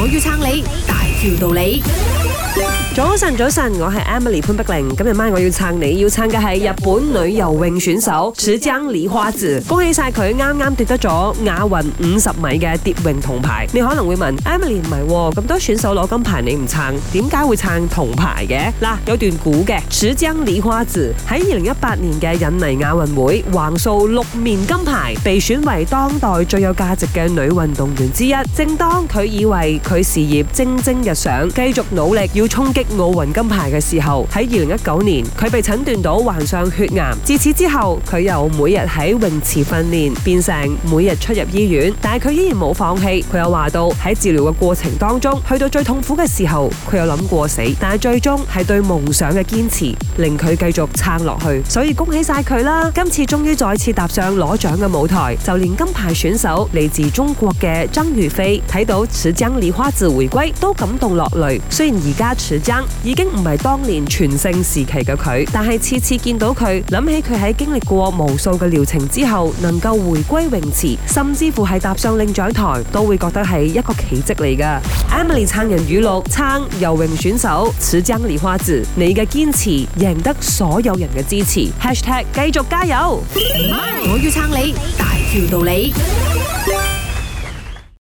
我要撐你，大條道理。早晨，早晨，我係 Emily 潘碧玲。今日晚我要撐你，要撐嘅係日本女游泳選手池江璃花子。恭喜晒佢啱啱奪得咗亞運五十米嘅蝶泳銅牌。你可能會問，Emily 唔係咁多選手攞金牌你不，你唔撐，點解會撐銅牌嘅？嗱，有段古嘅，池江璃花子喺二零一八年嘅印尼亞運會橫掃六面金牌，被選為當代最有價值嘅女運動員之一。正當佢以為佢事業蒸蒸日上，繼續努力要衝擊。奧運金牌嘅時候，喺二零一九年佢被診斷到患上血癌，自此之後佢又每日喺泳池訓練，變成每日出入醫院，但係佢依然冇放棄。佢又話到喺治療嘅過程當中，去到最痛苦嘅時候，佢有諗過死，但係最終係對夢想嘅堅持令佢繼續撐落去。所以恭喜晒佢啦！今次終於再次踏上攞獎嘅舞台，就連金牌選手嚟自中國嘅張雨霏睇到池江璃花子回歸都感動落淚。雖然而家池江已經唔係當年全盛時期嘅佢，但係次次見到佢，諗起佢喺經歷過無數嘅療程之後，能夠回歸泳池，甚至乎係踏上領獎台，都會覺得係一個奇蹟嚟噶。 Emily 撐人語錄：撐游泳選手池江璃花子，你嘅堅持贏得所有人嘅支持。Hashtag 繼 續加油！我要撐你，大條道理。